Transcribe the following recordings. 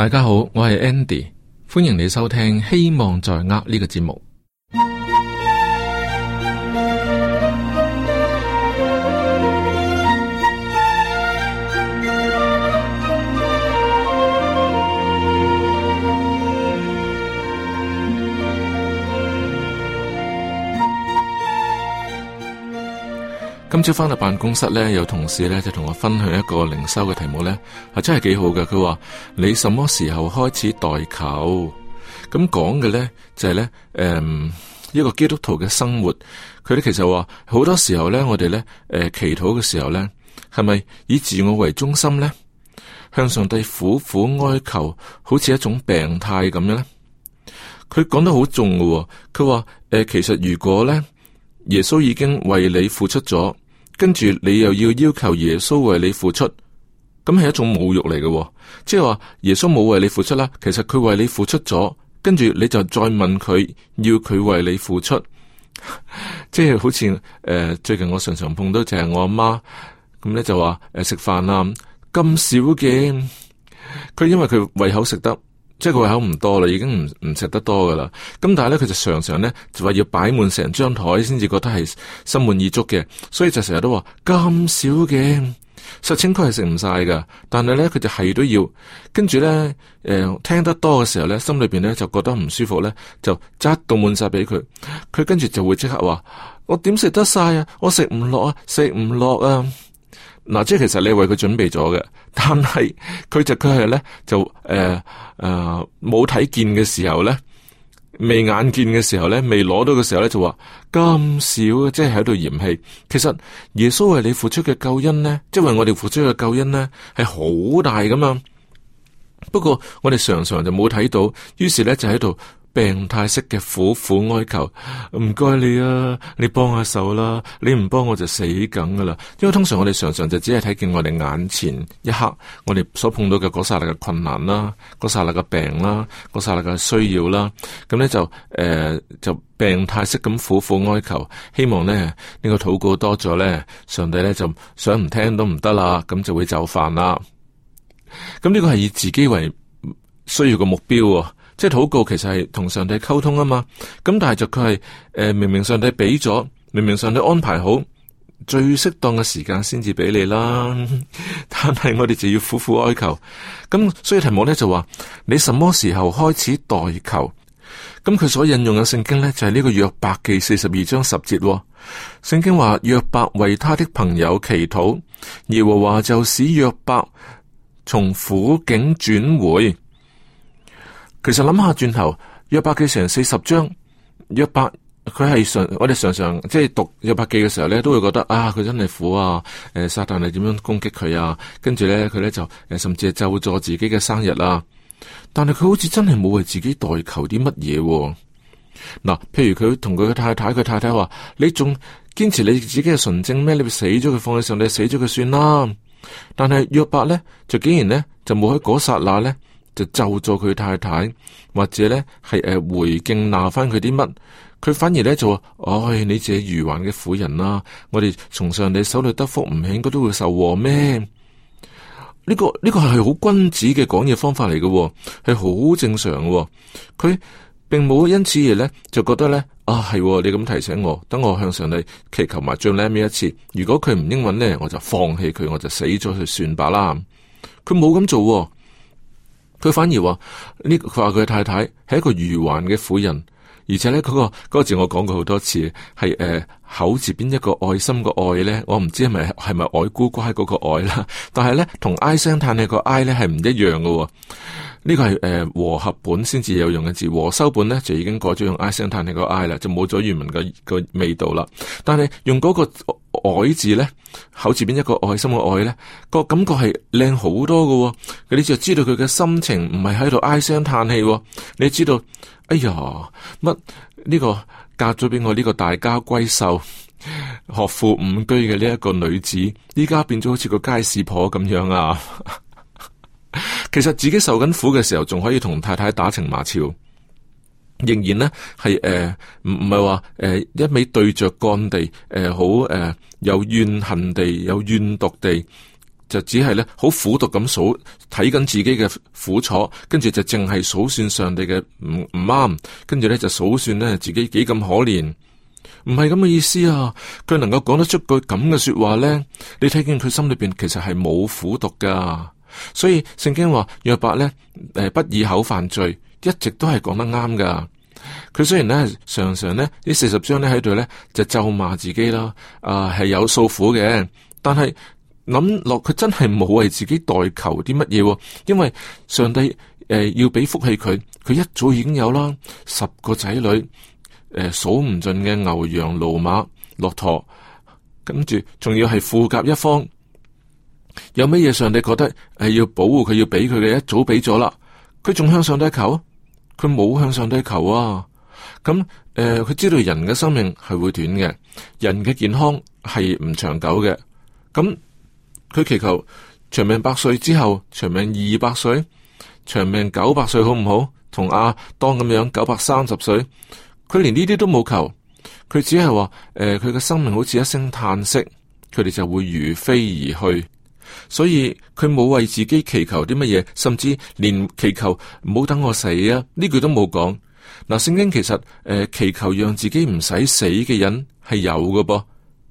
大家好，我係 Andy，歡迎你收聽《希望在握》呢個節目。今朝翻到辦公室咧，有同事咧就同我分享一個靈修嘅題目咧，係、啊、真係幾好嘅。佢話你什麼時候開始代求？咁講嘅咧就係、是、咧，誒、嗯，一個基督徒嘅生活，佢咧其實話好多時候咧，我哋咧誒祈禱嘅時候咧，係咪以自我為中心咧？向上帝苦苦哀求，好似一種病態咁樣咧。佢講得好重嘅，佢話誒，其實如果咧耶穌已經為你付出咗。跟住你又要要求耶穌為你付出，咁係一種侮辱嚟嘅。哦，即係話耶穌冇為你付出啦，其實佢為你付出咗，跟住你就再問佢要佢為你付出，付出付出 即係好似誒、呃、最近我常常碰到就係我阿媽咁咧就話誒，食飯啊咁少嘅，佢因為佢胃口食得。即係佢胃口唔多啦，已經唔唔食得多噶啦。咁但係咧，佢就常常咧就話要擺滿成張枱先至覺得係心滿意足嘅。所以就成日都話咁少嘅，實情佢係食唔晒噶。但係咧，佢就係都要跟住咧，誒、呃、聽得多嘅時候咧，心裏邊咧就覺得唔舒服咧，就塞到滿晒俾佢。佢跟住就會即刻話：我點食得晒啊？我食唔落啊！食唔落啊！嗱，即係其實你為佢準備咗嘅，但係佢就佢係咧就誒誒，冇睇見嘅時候咧，未眼見嘅時候咧，未攞到嘅時候咧，就話咁少，即係喺度嫌棄。其實耶穌為你付出嘅救恩呢，即係為我哋付出嘅救恩呢，係好大噶嘛。不過我哋常常就冇睇到，於是咧就喺度。病態式嘅苦苦哀求，唔該你啊，你幫下手啦，你唔幫我就死梗噶啦。因為通常我哋常常就只係睇見我哋眼前一刻，我哋所碰到嘅嗰剎那嘅困難啦，嗰剎那嘅病啦，嗰剎那嘅需要啦，咁咧就誒、呃、就病態式咁苦苦哀求，希望呢，這個、土故呢個禱告多咗咧，上帝咧就想唔聽都唔得啦，咁就會就範啦。咁呢個係以自己為需要嘅目標啊。即係禱告，其實係同上帝溝通啊嘛。咁但係就佢係誒，明明上帝俾咗，明明上帝安排好最適當嘅時間先至俾你啦。但係我哋就要苦苦哀求。咁所以題目咧就話，你什麼時候開始代求？咁佢所引用嘅聖經咧就係呢個約伯記四十二章十節。聖經話約伯為他的朋友祈禱，耶和華就使約伯從苦境轉回。其實諗下轉頭，約伯記成四十章，約伯佢係常我哋常常即係、就是、讀約伯記嘅時候咧都會覺得啊，佢真係苦啊，誒，撒旦係點樣攻擊佢啊，跟住咧佢咧就誒，甚至係咒咗自己嘅生日啊，但係佢好似真係冇為自己代求啲乜嘢。嗱，譬如佢同佢嘅太太，佢太太話，你仲堅持你自己嘅純正咩？你死咗佢，放喺上你死咗佢算啦。但係約伯咧就竟然咧就冇喺嗰剎那咧。就咒咗佢太太，或者咧係誒回敬鬧返佢啲乜，佢反而咧就話，唉、哎，你自己愚頑嘅婦人啦、啊，我哋從上你手裏得福唔係應該，佢都會受禍咩？呢、這個呢、這個係好君子嘅講嘢方法嚟嘅、啊，係好正常嘅、啊。佢並冇因此而咧就覺得咧，啊係、啊，你咁提醒我，等我向上帝祈求埋最 last 呢一次，如果佢唔應允咧，我就放棄佢，我就死咗佢算吧啦。佢冇咁做、啊。佢反而話呢，佢話佢太太係一個愚頑嘅婦人，而且咧、嗰、嗰個、嗰個字我講過好多次，係誒、呃、口字邊一個愛心嘅愛咧，我唔知係咪係咪愛孤乖嗰個愛啦，但係咧同唉聲嘆氣個唉咧係唔一樣噶、哦。呢個係誒、呃、和合本先至有用嘅字，和修本咧就已經改咗用唉聲嘆氣個唉啦，就冇咗原文嘅個味道啦。但係用嗰個愛字咧，口字邊一個愛心嘅愛咧，個感覺係靚好多噶、哦。你就知道佢嘅心情唔係喺度唉聲嘆氣、哦。你知道，哎呀乜呢個嫁咗俾我呢個大家閨秀、學富五車嘅呢一個女子，依家變咗好似個街市婆咁樣啊！ 其實自己受緊苦嘅時候，仲可以同太太打情罵俏，仍然呢係誒，唔唔係話誒，一味對着幹地，誒好誒，有怨恨地，有怨毒地，就只係咧好苦毒咁數睇緊自己嘅苦楚，跟住就淨係數算上帝嘅唔唔啱，跟住咧就數算咧自己幾咁可憐，唔係咁嘅意思啊！佢能夠講得出句咁嘅說話咧，你睇見佢心裏面其實係冇苦毒噶。所以聖經話約伯咧誒不以口犯罪，一直都係講得啱噶。佢雖然咧常常咧呢四十章咧喺度咧就咒罵自己啦，啊、呃、係有訴苦嘅，但係諗落佢真係冇為自己代求啲乜嘢，因為上帝誒、呃、要俾福氣佢，佢一早已經有啦，十個仔女，誒、呃、數唔盡嘅牛羊驢馬駱駝，跟住仲要係富甲一方。有乜嘢上帝覺得誒要保護佢要俾佢嘅，一早俾咗啦，佢仲向上帝求，佢冇向上帝求啊！咁誒，佢、呃、知道人嘅生命係會短嘅，人嘅健康係唔長久嘅。咁佢祈求長命百歲之後，長命二百歲，長命九百歲好唔好？同阿當咁樣九百三十歲，佢連呢啲都冇求，佢只係話誒，佢、呃、嘅生命好似一聲嘆息，佢哋就會如飛而去。所以佢冇為自己祈求啲乜嘢，甚至連祈求唔好等我死啊，呢句都冇講。嗱，聖經其實誒、呃、祈求讓自己唔使死嘅人係有嘅噃，嗰、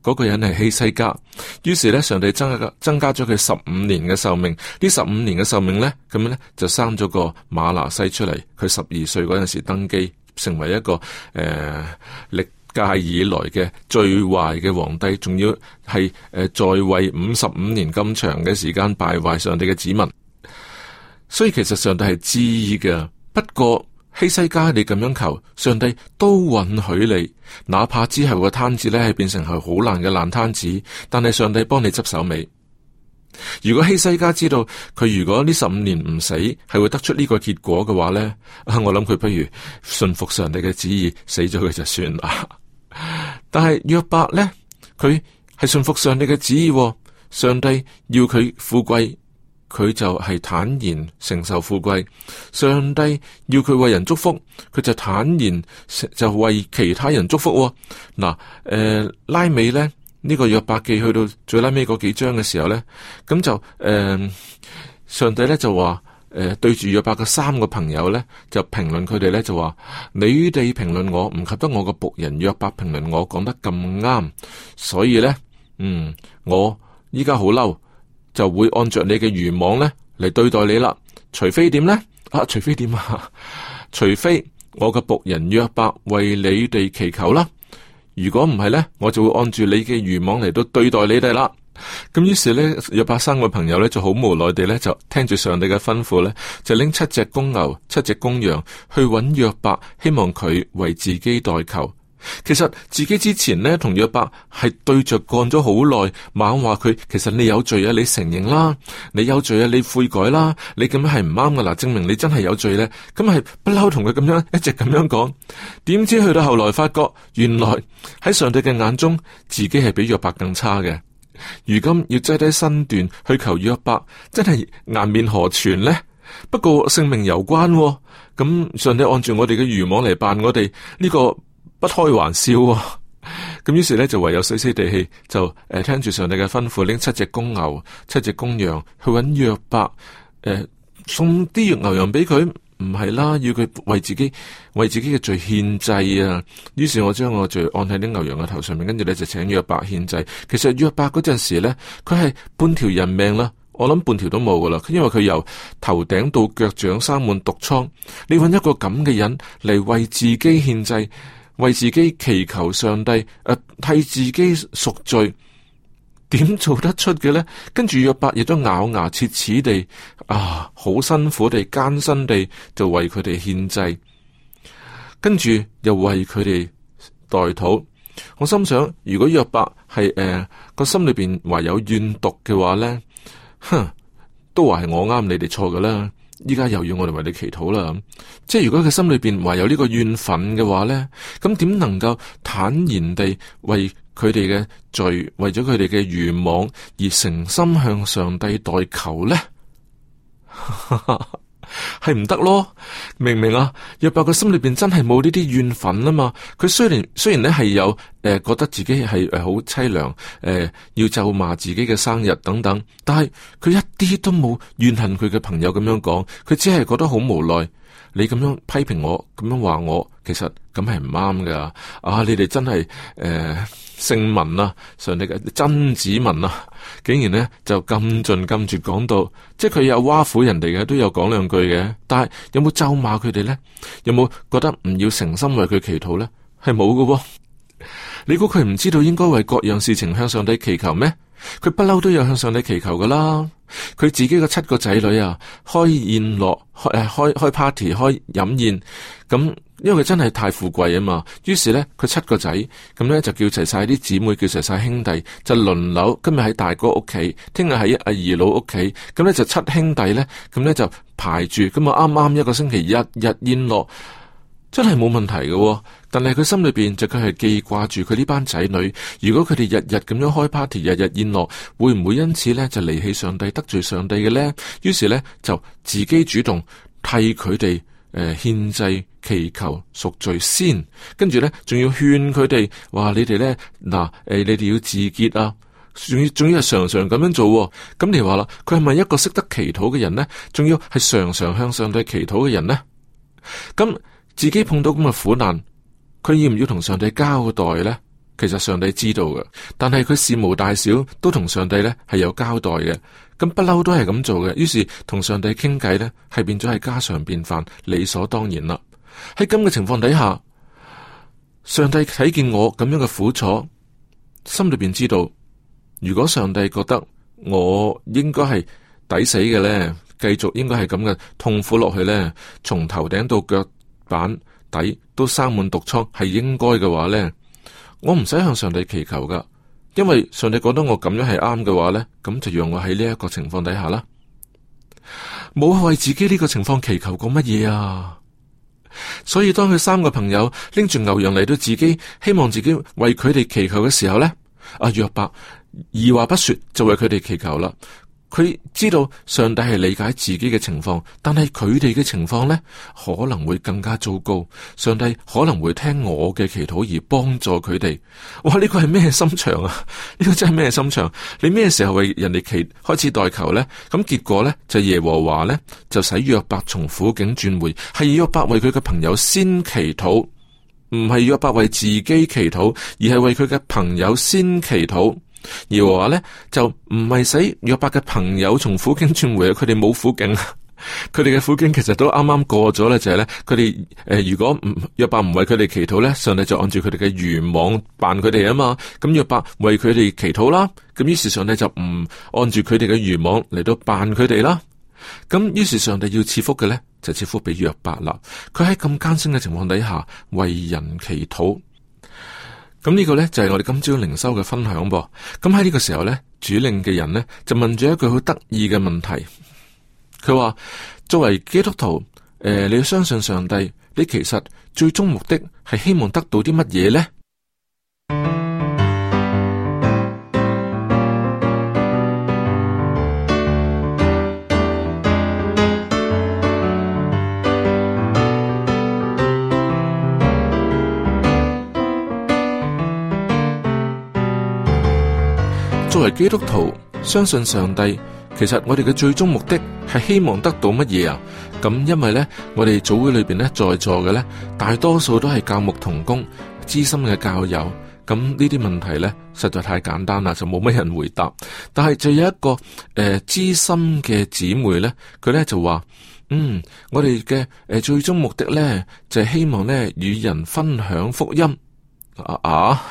那個人係希西家。於是咧，上帝增加增加咗佢十五年嘅壽命。壽命呢，十五年嘅壽命咧，咁樣咧就生咗個馬拿西出嚟。佢十二歲嗰陣時登基，成為一個誒、呃、歷界以來嘅最壞嘅皇帝，仲要係誒在位五十五年咁長嘅時間敗壞上帝嘅子民，所以其實上帝係知嘅。不過希西家，你咁樣求，上帝都允許你，哪怕之後個攤子呢係變成係好爛嘅爛攤子，但係上帝幫你執手尾。如果希西家知道佢如果呢十五年唔死係會得出呢個結果嘅話咧，我諗佢不如信服上帝嘅旨意，死咗佢就算啦。但係約伯咧，佢係信服上帝嘅旨意，哦，上帝要佢富貴，佢就係坦然承受富貴。上帝要佢為人祝福，佢就坦然就為其他人祝福，哦。嗱，誒、呃，拉美咧。呢個約伯記去到最拉尾嗰幾章嘅時候咧，咁就誒、呃，上帝咧就話，誒、呃、對住約伯嘅三個朋友咧，就評論佢哋咧就話，你哋評論我唔及得我個僕人約伯評論我講得咁啱，所以咧，嗯，我依家好嬲，就會按着你嘅愚妄咧嚟對待你啦，除非點咧，啊，除非點啊，除非我嘅僕人約伯為你哋祈求啦。如果唔係咧，我就會按住你嘅愚妄嚟到對待你哋啦。咁於是咧，約伯三個朋友咧就好無奈地咧就聽住上帝嘅吩咐咧，就拎七隻公牛、七隻公羊去揾約伯，希望佢為自己代求。其實自己之前呢，同約伯係對着幹咗好耐，猛話佢其實你有罪啊，你承認啦，你有罪啊，你悔改啦，你咁樣係唔啱噶啦，證明你真係有罪咧，咁係不嬲同佢咁樣一直咁樣講。點知去到後來發覺，原來喺上帝嘅眼中，自己係比約伯更差嘅。如今要擠低身段去求約伯，真係顏面何存呢？不過性命攸關，喎，咁上帝按照我哋嘅愚妄嚟辦我哋呢，這個。不開玩笑喎、哦， 咁於是咧就唯有死死地氣就誒、呃，聽住上帝嘅吩咐，拎七隻公牛、七隻公羊去搵約伯，誒、呃、送啲牛羊俾佢，唔係啦，要佢為自己為自己嘅罪獻祭啊。於是我將我罪按喺啲牛羊嘅頭上面，跟住咧就請約伯獻祭。其實約伯嗰陣時咧，佢係半條人命啦，我諗半條都冇噶啦，因為佢由頭頂到腳掌生滿毒瘡，你搵一個咁嘅人嚟為自己獻祭。為自己祈求上帝，誒、啊、替自己贖罪，點做得出嘅咧？跟住約伯亦都咬牙切齒地啊，好辛苦地艱辛地就為佢哋獻祭，跟住又為佢哋代禱。我心想，如果約伯係誒個心裏邊唯有怨毒嘅話咧，哼，都話係我啱你哋錯㗎啦。依家又要我哋為你祈禱啦，即係如果佢心裏邊懷有呢個怨憤嘅話咧，咁點能夠坦然地為佢哋嘅罪，為咗佢哋嘅願望而誠心向上帝代求咧？ 係唔得咯，明明啊，約伯個心裏邊真係冇呢啲怨憤啊嘛，佢雖然雖然咧係有誒、呃、覺得自己係誒好淒涼，誒、呃、要咒罵自己嘅生日等等，但係佢一啲都冇怨恨，佢嘅朋友咁樣講，佢只係覺得好無奈。你咁樣批評我，咁樣話我，其實咁係唔啱噶。啊，你哋真係誒聖民啊，上帝嘅真子民啊，竟然呢就咁盡咁絕講到，即係佢有挖苦人哋嘅，都有講兩句嘅。但係有冇咒罵佢哋呢？有冇覺得唔要誠心為佢祈禱呢？係冇噶。你估佢唔知道應該為各樣事情向上帝祈求咩？佢不嬲都有向上帝祈求噶啦。佢自己個七個仔女啊，開宴樂，開開開 party，開飲宴。咁因為佢真係太富貴啊嘛，於是咧佢七個仔咁咧就叫齊晒啲姊妹，叫齊晒兄弟，就輪流。今日喺大哥屋企，聽日喺阿二佬屋企，咁咧就七兄弟咧，咁咧就排住。咁啊啱啱一個星期一日宴樂，真係冇問題嘅啊。但係佢心裏邊就佢、是、係記掛住佢呢班仔女，如果佢哋日日咁樣開 party，日日宴樂，會唔會因此咧就離棄上帝、得罪上帝嘅咧？於是咧就自己主動替佢哋誒獻祭、呃、制祈求贖罪先，跟住咧仲要勸佢哋話：你哋咧嗱誒，你哋要自潔啊！仲要仲要係常常咁樣做、啊。咁你話啦，佢係咪一個識得祈禱嘅人呢？仲要係常常向上帝祈禱嘅人呢？咁自己碰到咁嘅苦難。佢要唔要同上帝交代呢？其實上帝知道嘅，但係佢事無大小都同上帝呢係有交代嘅。咁不嬲都係咁做嘅，於是同上帝傾偈呢，係變咗係家常便飯、理所當然啦。喺咁嘅情況底下，上帝睇見我咁樣嘅苦楚，心裏邊知道，如果上帝覺得我應該係抵死嘅呢，繼續應該係咁嘅痛苦落去呢，從頭頂到腳板。底都生滿毒瘡，係應該嘅話呢，我唔使向上帝祈求噶因為上帝覺得我咁樣係啱嘅話呢，咁就讓我喺呢一個情況底下啦，冇為自己呢個情況祈求過乜嘢啊。所以當佢三個朋友拎住牛羊嚟到自己，希望自己為佢哋祈求嘅時候呢，阿約伯二話不說就為佢哋祈求啦。佢知道上帝係理解自己嘅情況，但係佢哋嘅情況呢，可能會更加糟糕。上帝可能會聽我嘅祈禱而幫助佢哋。哇！呢個係咩心腸啊？呢個真係咩心腸？你咩時候為人哋祈開始代求呢？嗯」咁結果呢，就耶和華呢，就使約伯從苦境轉回，係約伯為佢嘅朋友先祈禱，唔係約伯為自己祈禱，而係為佢嘅朋友先祈禱。而和話咧就唔係使約伯嘅朋友從苦境轉回，佢哋冇苦境，佢哋嘅苦境其實都啱啱過咗咧，就係咧佢哋誒，如果唔約伯唔為佢哋祈禱咧，上帝就按照佢哋嘅願望辦佢哋啊嘛，咁約伯為佢哋祈禱啦，咁於是上帝就唔按住佢哋嘅願望嚟到辦佢哋啦，咁於是上帝要賜福嘅咧就賜福俾約伯啦，佢喺咁艱辛嘅情況底下為人祈禱。咁呢個咧就係我哋今朝靈修嘅分享噃。咁喺呢個時候咧，主令嘅人咧就問咗一句好得意嘅問題，佢話：作為基督徒，誒、呃，你要相信上帝，你其實最終目的係希望得到啲乜嘢咧？基督徒相信上帝，其實我哋嘅最終目的係希望得到乜嘢啊？咁因為咧，我哋組會裏邊咧在座嘅咧，大多數都係教牧同工、資深嘅教友，咁呢啲問題咧，實在太簡單啦，就冇乜人回答。但係就有一個誒，資深嘅姊妹咧，佢咧就話：嗯，我哋嘅誒最終目的咧，就係希望咧與人分享福音啊啊！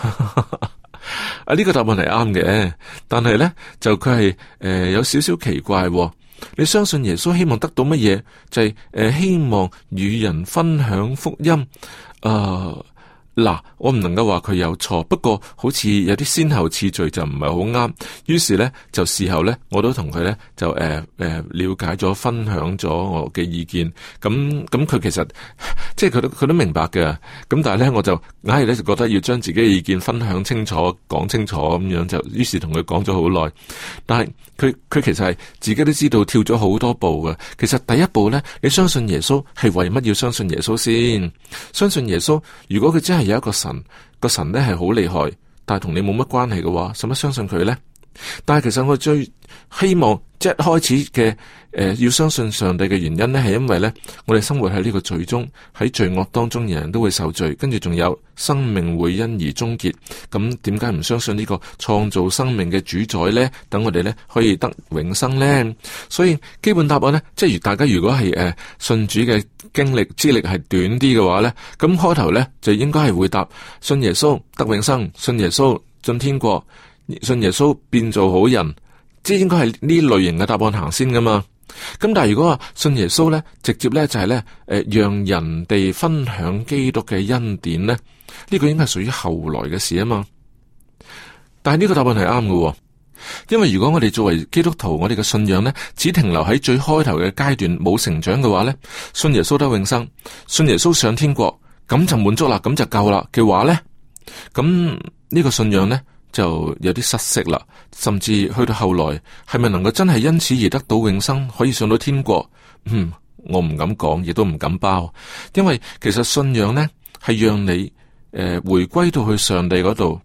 啊，呢、這個答案係啱嘅，但係咧就佢係誒有少少奇怪、哦。你相信耶穌希望得到乜嘢？就係、是、誒、呃、希望與人分享福音。誒、呃。嗱，我唔能夠話佢有錯，不過好似有啲先後次序就唔係好啱。於是咧，就事後咧，我都同佢咧就誒誒、呃呃、了解咗，分享咗我嘅意見，咁咁佢其實即係佢都佢都明白嘅。咁、嗯、但係咧，我就硬係咧就覺得要將自己嘅意見分享清楚、講清楚咁樣就。於是同佢講咗好耐，但係佢佢其實係自己都知道跳咗好多步嘅。其實第一步咧，你相信耶穌係為乜要相信耶穌先？相信耶穌，如果佢真係。有一個神，個神咧係好厲害，但係同你冇乜關係嘅話，使乜相信佢呢？但係其實我最希望即係一開始嘅，誒、呃，要相信上帝嘅原因呢，係因為呢，我哋生活喺呢個罪中，喺罪惡當中，人人都會受罪，跟住仲有生命會因而終結。咁點解唔相信呢個創造生命嘅主宰呢？等我哋呢可以得永生呢？所以基本答案呢，即係如大家如果係誒、呃、信主嘅。經歷資歷係短啲嘅話呢，咁開頭呢，就應該係回答信耶穌得永生，信耶穌進天國，信耶穌變做好人，即係應該係呢類型嘅答案行先噶嘛。咁但係如果話信耶穌呢，直接呢就係呢，誒，讓人哋分享基督嘅恩典呢，呢個應該係屬於後來嘅事啊嘛。但係呢個答案係啱嘅。因為如果我哋作為基督徒，我哋嘅信仰呢，只停留喺最開頭嘅階段，冇成長嘅話呢，信耶穌得永生，信耶穌上天國，咁就滿足啦，咁就夠啦嘅話呢，咁呢個信仰呢，就有啲失色啦，甚至去到後來，係咪能夠真係因此而得到永生，可以上到天國？嗯，我唔敢講，亦都唔敢包，因為其實信仰呢，係讓你誒、呃、回歸到去上帝嗰度，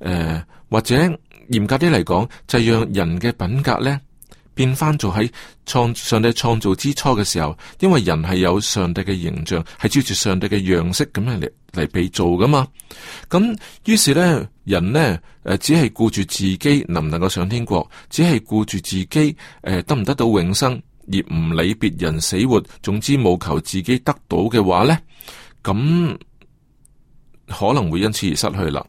誒或者。嚴格啲嚟講，就係讓人嘅品格呢變翻做喺創上帝創造之初嘅時候，因為人係有上帝嘅形象，係照住上帝嘅樣式咁樣嚟嚟被做噶嘛。咁於是呢，人呢誒，只係顧住自己能唔能夠上天國，只係顧住自己誒、呃、得唔得到永生，而唔理別人死活。總之冇求自己得到嘅話呢，咁可能會因此而失去啦。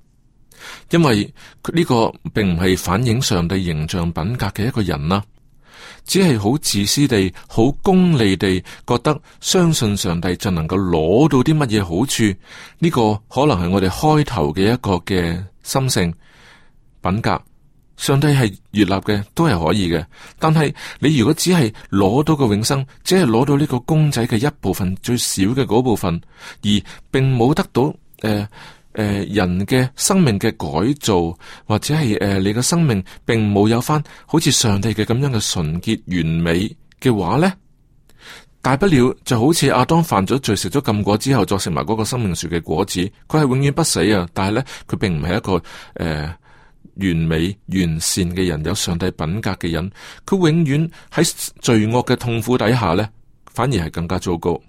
因為呢個並唔係反映上帝形象品格嘅一個人啦，只係好自私地、好功利地覺得相信上帝就能夠攞到啲乜嘢好處。呢個可能係我哋開頭嘅一個嘅心性品格。上帝係設立嘅都係可以嘅，但係你如果只係攞到個永生，只係攞到呢個公仔嘅一部分、最少嘅嗰部分，而並冇得到誒。呃誒、呃，人嘅生命嘅改造，或者係誒、呃、你嘅生命，並冇有翻好似上帝嘅咁樣嘅純潔完美嘅話咧，大不了就好似阿當犯咗罪，食咗禁果之後，再食埋嗰個生命樹嘅果子，佢係永遠不死啊！但係咧，佢並唔係一個誒、呃、完美完善嘅人，有上帝品格嘅人，佢永遠喺罪惡嘅痛苦底下咧，反而係更加糟糕。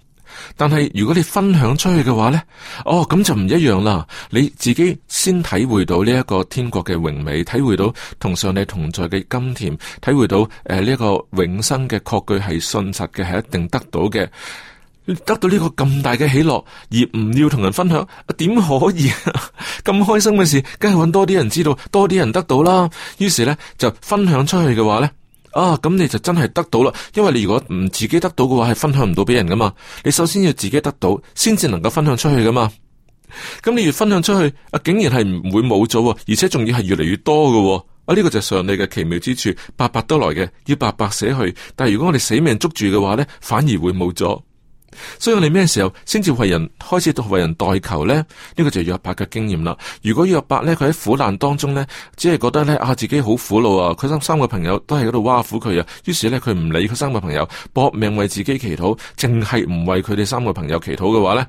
但係如果你分享出去嘅話呢，哦，咁就唔一樣啦。你自己先體會到呢一個天國嘅榮美，體會到同上帝同在嘅甘甜，體會到誒呢一個永生嘅確據係信實嘅，係一定得到嘅。得到呢個咁大嘅喜樂而唔要同人分享，點、啊、可以咁、啊、 開心嘅事？梗係搵多啲人知道，多啲人得到啦。於是呢，就分享出去嘅話呢。啊，咁你就真係得到啦，因為你如果唔自己得到嘅話，係分享唔到俾人噶嘛。你首先要自己得到，先至能夠分享出去噶嘛。咁你越分享出去，啊竟然係唔會冇咗，而且仲要係越嚟越多嘅。啊呢、這個就係上帝嘅奇妙之處，白白得來嘅，要白白捨去。但係如果我哋死命捉住嘅話呢，反而會冇咗。所以我哋咩時候先至為人開始到為人代求呢？呢個就係約伯嘅經驗啦。如果約伯呢，佢喺苦難當中呢，只係覺得呢，啊自己好苦惱啊，佢三三個朋友都喺度挖苦佢啊，於是呢，佢唔理佢三個朋友，搏命為自己祈禱，淨係唔為佢哋三個朋友祈禱嘅話呢。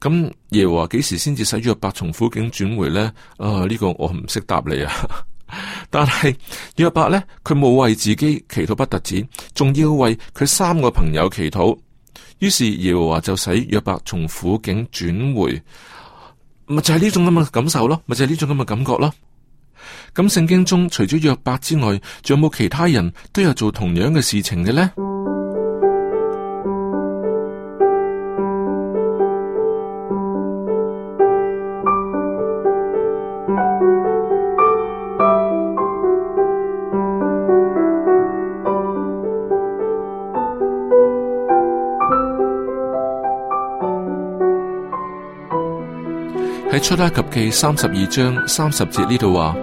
咁耶和華幾時先至使約伯從苦境轉回呢？啊呢個我唔識答你啊。 但係約伯呢，佢冇為自己祈禱不特止，仲要為佢三個朋友祈禱。於是耶和華就使約伯從苦境轉回，咪就係、是、呢種咁嘅感受咯，咪就係、是、呢種咁嘅感覺咯。咁聖經中除咗約伯之外，仲有冇其他人都有做同樣嘅事情嘅呢？出埃及記三十二章三十節呢度話：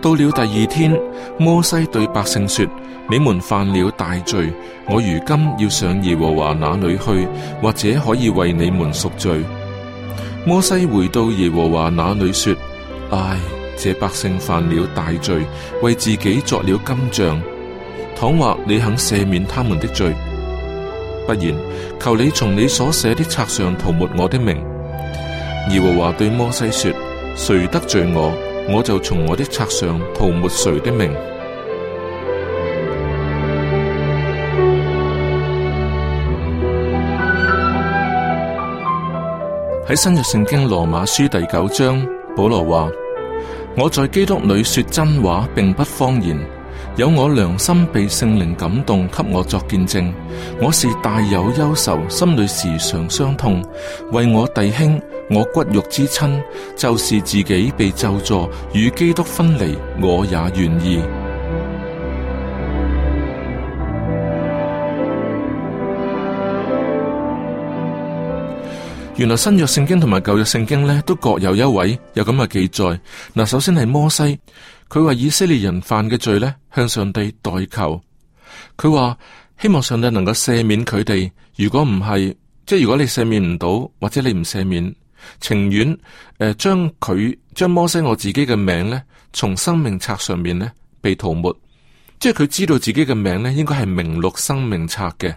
到了第二天，摩西對百姓說：你們犯了大罪，我如今要上耶和華那裏去，或者可以為你們贖罪。摩西回到耶和華那裏說：唉，這百姓犯了大罪，為自己作了金像，倘或你肯赦免他們的罪，不然，求你從你所寫的冊上塗抹我的名。耶和華對摩西說：誰得罪我，我就從我的冊上塗抹誰的名。」喺 新約聖經羅馬書第九章，保羅話：我在基督裏說真話，並不謊言。有我良心被聖靈感動，給我作見證。我是大有憂愁，心裏時常傷痛。為我弟兄，我骨肉之親，就是自己被咒詛，與基督分離，我也願意。原來新約聖經同埋舊約聖經呢，都各有一位有咁嘅記載。嗱，首先係摩西。佢話以色列人犯嘅罪咧，向上帝代求。佢話希望上帝能夠赦免佢哋。如果唔係，即係如果你赦免唔到，或者你唔赦免，情願誒，將佢將摩西我自己嘅名咧，從生命冊上面咧被塗抹。即係佢知道自己嘅名咧，應該係名錄生命冊嘅。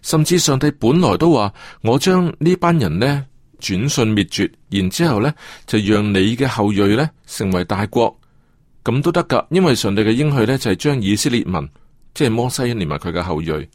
甚至上帝本來都話我將呢班人咧轉瞬滅絕，然之後咧就讓你嘅後裔咧成為大國。咁都得噶，因為上帝嘅應許咧就係、是、將以色列民，即係摩西連埋佢嘅後裔，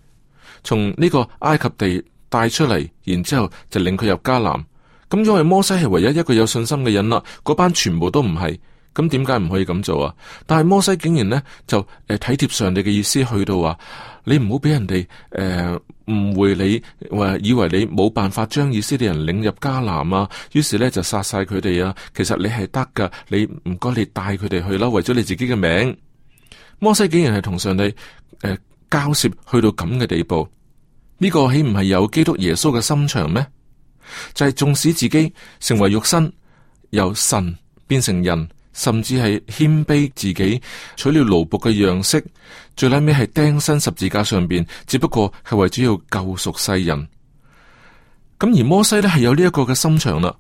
從呢個埃及地帶出嚟，然之後就領佢入迦南。咁因為摩西係唯一一個有信心嘅人啦，嗰班全部都唔係。咁點解唔可以咁做啊？但係摩西竟然呢，就誒、呃、體貼上帝嘅意思，去到話你唔好俾人哋誒誤會你，話、呃、以為你冇辦法將以色列人領入迦南啊。於是咧就殺晒佢哋啊。其實你係得噶，你唔該你帶佢哋去啦，為咗你自己嘅名。摩西竟然係同上帝誒、呃、交涉，去到咁嘅地步，呢、這個豈唔係有基督耶穌嘅心腸咩？就係、是、縱使自己成為肉身，由神變成人。甚至係謙卑自己，取了奴僕嘅樣式，最屘尾係釘身十字架上邊，只不過係為咗要救贖世人。咁而摩西呢，係有呢一個嘅心腸啦，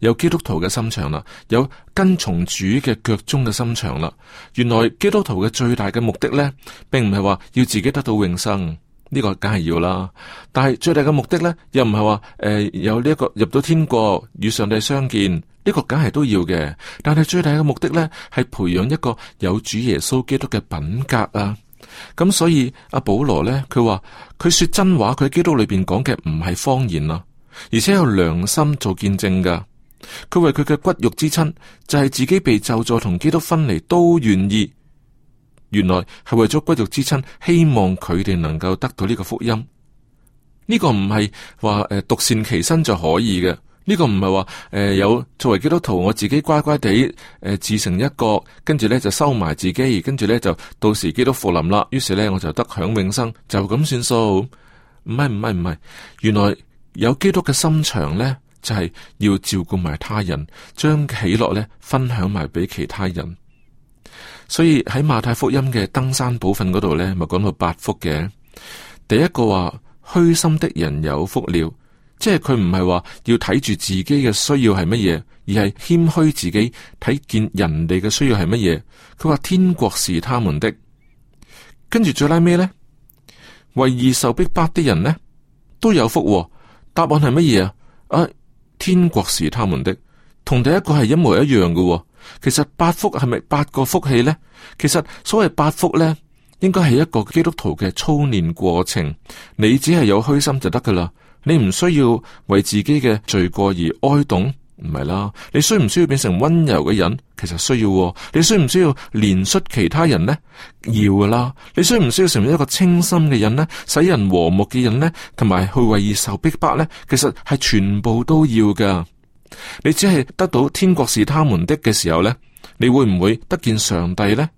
有基督徒嘅心腸啦，有跟從主嘅腳蹤嘅心腸啦。原來基督徒嘅最大嘅目的呢，並唔係話要自己得到永生，呢、這個梗係要啦。但係最大嘅目的呢，又唔係話誒有呢、這、一個入到天國與上帝相見。呢個梗係都要嘅，但係最大嘅目的呢，係培養一個有主耶穌基督嘅品格啊！咁、嗯、所以阿保羅呢，佢話佢說真話，佢喺基督裏邊講嘅唔係謊言啊，而且有良心做見證噶。佢為佢嘅骨肉之親，就係、是、自己被咒詛同基督分離都願意。原來係為咗骨肉之親，希望佢哋能夠得到呢個福音。呢、這個唔係話誒獨善其身就可以嘅。呢個唔係話誒有作為基督徒，我自己乖乖地誒，自、呃、成一角，跟住咧就收埋自己，跟住咧就到時基督復臨啦，於是咧我就得享永生就咁算數？唔係唔係唔係，原來有基督嘅心腸咧，就係、是、要照顧埋他人，將喜樂咧分享埋俾其他人。所以喺馬太福音嘅登山寶訓嗰度咧，咪講到八福嘅，第一個話虛心的人有福了。即係佢唔係話要睇住自己嘅需要係乜嘢，而係謙虛自己睇見人哋嘅需要係乜嘢。佢話天國是他們的，跟住最拉咩呢？為義受逼迫的人呢，都有福喎。答案係乜嘢啊？啊，天國是他們的，同第一個係一模一樣噶喎。其實八福係咪八個福氣呢？其實所謂八福呢，應該係一個基督徒嘅操練過程。你只係有虛心就得噶啦。你唔需要為自己嘅罪過而哀慟，唔係啦。你需唔需要變成溫柔嘅人？其實需要。你需唔需要憐恤其他人呢？要噶啦。你需唔需要成為一個清心嘅人呢？使人和睦嘅人呢？同埋去為義受逼迫呢？其實係全部都要噶。你只係得到天國是他們的嘅時候呢，你會唔會得見上帝呢？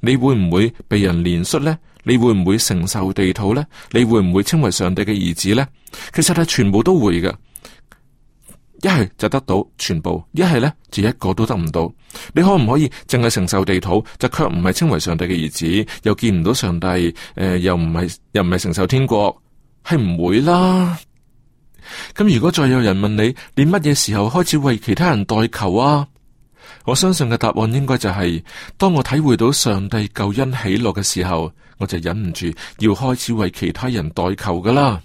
你會唔會被人憐恤呢？你會唔會承受地土呢？你會唔會稱為上帝嘅兒子呢？其實係全部都會嘅，一係就得到全部，一係呢，就一個都得唔到。你可唔可以淨係承受地土，就卻唔係稱為上帝嘅兒子，又見唔到上帝？誒、呃，又唔係又唔係承受天國，係唔會啦。咁如果再有人問你，你乜嘢時候開始為其他人代求啊？我相信嘅答案應該就係、是、當我體會到上帝救恩喜樂嘅時候。我就忍唔住要開始為其他人代求噶啦。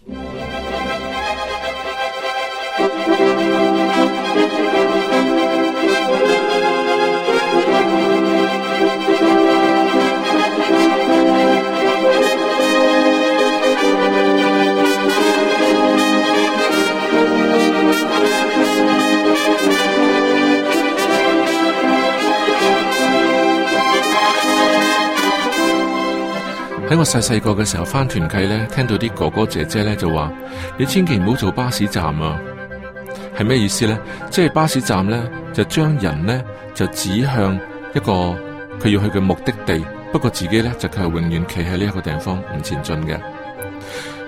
喺我細細個嘅時候翻團契咧，聽到啲哥哥姐姐咧就話：你千祈唔好做巴士站啊！係咩意思咧？即係巴士站咧，就將人咧就指向一個佢要去嘅目的地，不過自己咧就佢係永遠企喺呢一個地方唔前進嘅。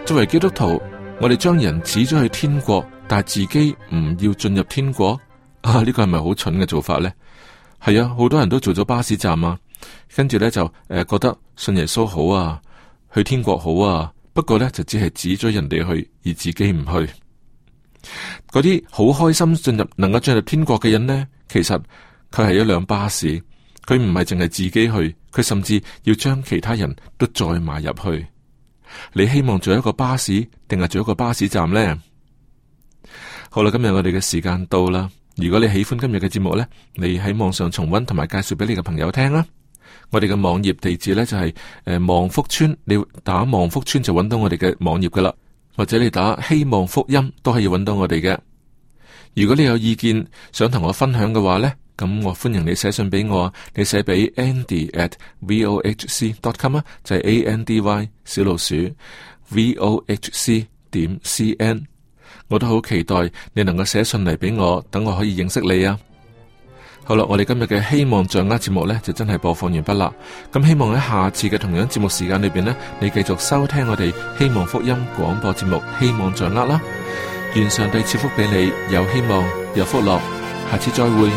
作為基督徒，我哋將人指咗去天國，但係自己唔要進入天國啊！呢個係咪好蠢嘅做法咧？係啊，好多人都做咗巴士站啊！跟住咧就誒，覺得信耶穌好啊，去天國好啊。不過呢，就只係指咗人哋去，而自己唔去。嗰啲好開心進入能夠進入天國嘅人呢，其實佢係一輛巴士，佢唔係淨係自己去，佢甚至要將其他人都載埋入去。你希望做一個巴士定係做一個巴士站呢？好啦，今日我哋嘅時間到啦。如果你喜歡今日嘅節目呢，你喺網上重溫同埋介紹俾你嘅朋友聽啦。我哋嘅網頁地址呢，就係誒望福村，你打望福村就揾到我哋嘅網頁噶啦，或者你打希望福音都可以揾到我哋嘅。如果你有意見想同我分享嘅話呢，咁我歡迎你寫信俾我，你寫俾 Andy at vohc.com 啊，oh、com，就係 A N D Y 小老鼠 vohc 點 c, c n，我都好期待你能夠寫信嚟俾我，等我可以認識你啊。好啦，我哋今日嘅希望掌握節目呢，就真係播放完畢啦。咁希望喺下次嘅同樣節目時間裏邊呢，你繼續收聽我哋希望福音廣播節目《希望掌握》啦。願上帝賜福俾你，有希望，有福樂。下次再會。